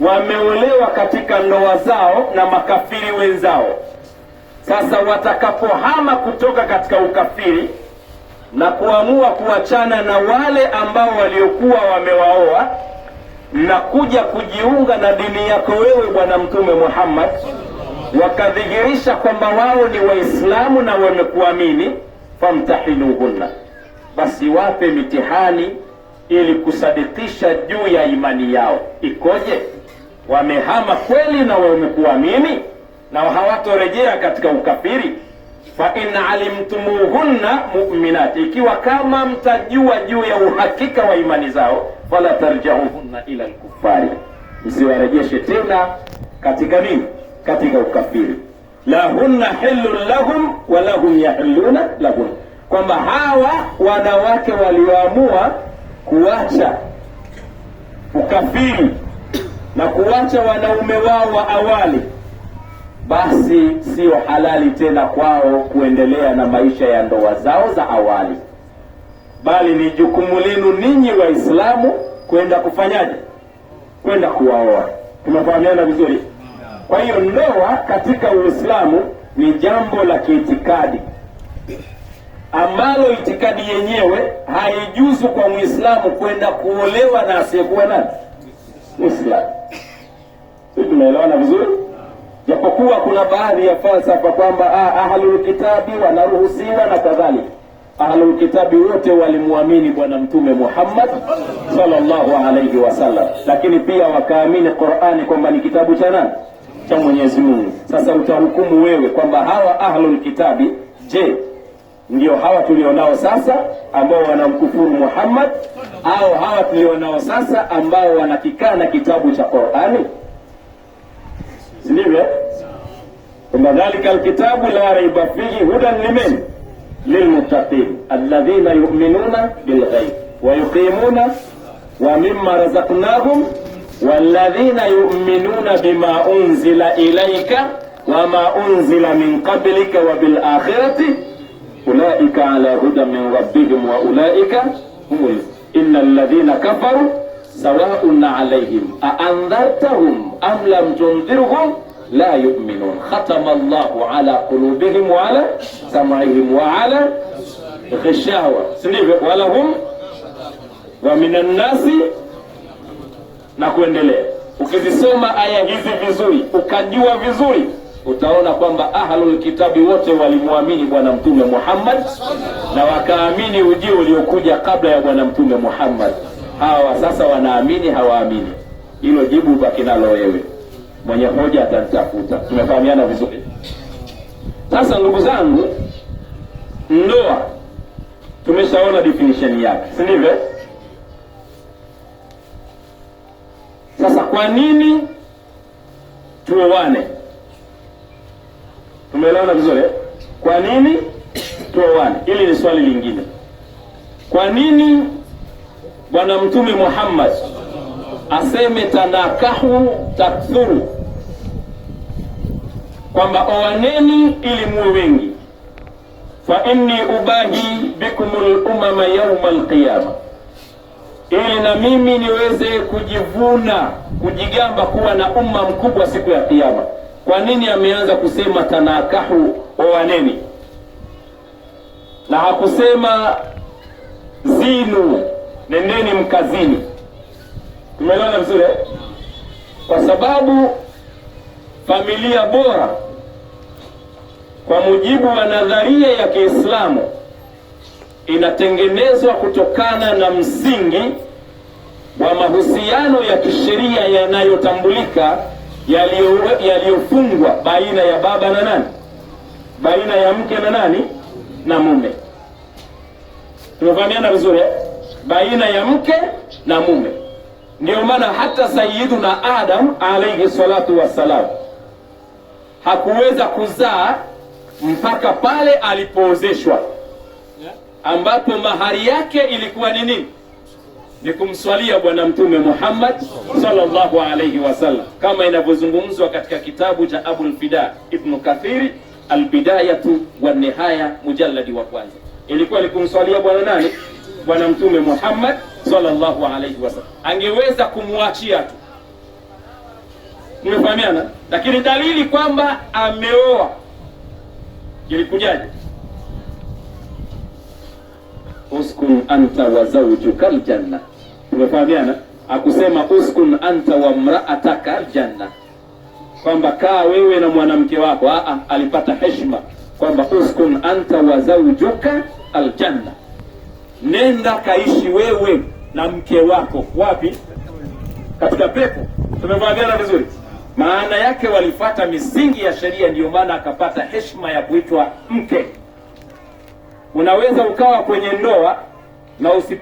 wameolewa katika ndoa zao na makafiri wenzao. Sasa watakapohama kutoka katika ukafiri na kuamua kuachana na wale ambao waliokuwa wamewaoa na kuja kujiunga na dini yako wewe, Bwana Mtume Muhammad, wakadhihirisha kwamba wao ni Waislamu na wamekuamini, famtahinuhunna, basi wape mitihani ili kusadikisha juu ya imani yao. Ikoje? Wamehama kweli na wamekuamini na hawatorejea katika ukafiri. Fa in alimtumuhunna mu'minat, ikiwa kama mtajua juu ya uhakika wa imani zao, fala tarjauhunna ila alkufari, msiwarejeshe tena katika nini? Katika ukafiri. Lahunna hilun lahum wa lahum yahilluna lahum, kwamba hawa wanawake walioamua kuacha ukafiri na kuacha wanaume wao wa awali, basi sio halali tena kwao kuendelea na maisha ya ndoa zao za awali, bali ni jukumu lenu ninyi Waislamu kwenda kufanyaje? Kwenda kuwaoa. Tumefahamiana vizuri? Kwa hiyo ndoa katika Uislamu ni jambo la kiitikadi ambalo itikadi yenyewe haijuzu kwa Muislamu kwenda kuolewa na asiyekuwa nani Muislamu. Sisi tunaelewana vizuri, japokuwa kuna baadhi ya falsafa kwamba ah, ahlulkitabi wanaruhusiwa na kadhalika. ahlulkitabi wote walimwamini Bwana Mtume Muhammad salllahu alaihi wasallam, lakini pia wakaamini Qur'ani kwamba ni kitabu cha nani cha Mwenyezi Mungu. Sasa utahukumu wewe kwamba hawa ahlulkitabi je ndio hawa tulionao sasa ambao wanamkufuru Muhammad au hawa tulionao sasa ambao wanakikana kitabu cha Qur'ani, si ndivyo? Inna dhalika alkitabu la raiba fihi hudan limen lilmuttaqin alladhina yu'minuna bilghaib wa yuqimuna wa mimma razaqnahum walladhina yu'minuna bima unzila ilayka wa ma unzila min qablika wa bil akhirati ulaika ala huda min rabbihim wa ulaika humul inna alladhina kafaru sawaun alaihim aandhartahum am lam tundhirhum la yu'minun khatama Allahu ala qulubihim wa ala sam'ihim wa ala ghishawa, si ndivyo? Wala hum wa minan nasi na kuendelea. Ukizisoma aya hizi vizuri, ukajua vizuri utaona kwamba ahlul kitabi wote walimwamini Bwana Mtume Muhammad na wakaamini ujio uliokuja kabla ya Bwana Mtume Muhammad. Hawa sasa wanaamini hawaamini? Hilo jibu baki nalo wewe mwenye hoja atanitafuta. Tumefahamiana vizuri? Sasa ndugu zangu, ndoa tumeshaona definition yake, si ndivyo? Sasa kwa nini tuoane? Tumeelewana vizuri eh? Kwa nini tuoane? Hili ni swali lingine. Kwa nini Bwana Mtume Muhammad aseme tanakahu takthuru, kwamba oaneni ili muwe wengi? Fa inni ubahi bikumul umama yauma qiyama, ili na mimi niweze kujivuna kujigamba kuwa na umma mkubwa siku ya Kiyama. Kwa nini ameanza kusema tanakahu, oaneni, na hakusema zinu, nendeni mkazini? Tumeelewana vizuri eh? Kwa sababu familia bora kwa mujibu wa nadharia ya Kiislamu inatengenezwa kutokana na msingi wa mahusiano ya kisheria yanayotambulika yaliyofungwa baina ya baba na nani, baina ya mke na nani na mume. Tumefahamiana vizuri eh? Baina ya mke na mume. Ndio maana hata Sayyiduna Adam alayhi salatu wassalam hakuweza kuzaa mpaka pale alipoozeshwa, ambapo mahari yake ilikuwa ni nini? ni kumswalia Bwana Mtume Muhammad sallallahu alayhi wasallam kama inavyozungumzwa katika kitabu cha Abul Fida Ibn Kathiri Albidayatu wa Nihaya, mujalladi wa kwanza. Ilikuwa ni kumswalia bwana nani? Bwana Mtume Muhammad sallallahu alayhi wasallam. Angeweza kumwachia tu, umefahamiana, Lakini dalili kwamba ameoa ilikujaje? uskun anta wa zawjuka aljanna umefahamiana, akusema uskun anta wa mraataka aljanna, kwamba kaa wewe na mwanamke wako. Aa, alipata heshima kwamba uskun anta wa zawjuka aljanna, nenda kaishi wewe na mke wako. Wapi? Katika pepo. Tumefahamiana vizuri. Maana yake walifata misingi ya sheria, ndiyo maana akapata heshima ya kuitwa mke. Unaweza ukawa kwenye ndoa na usipate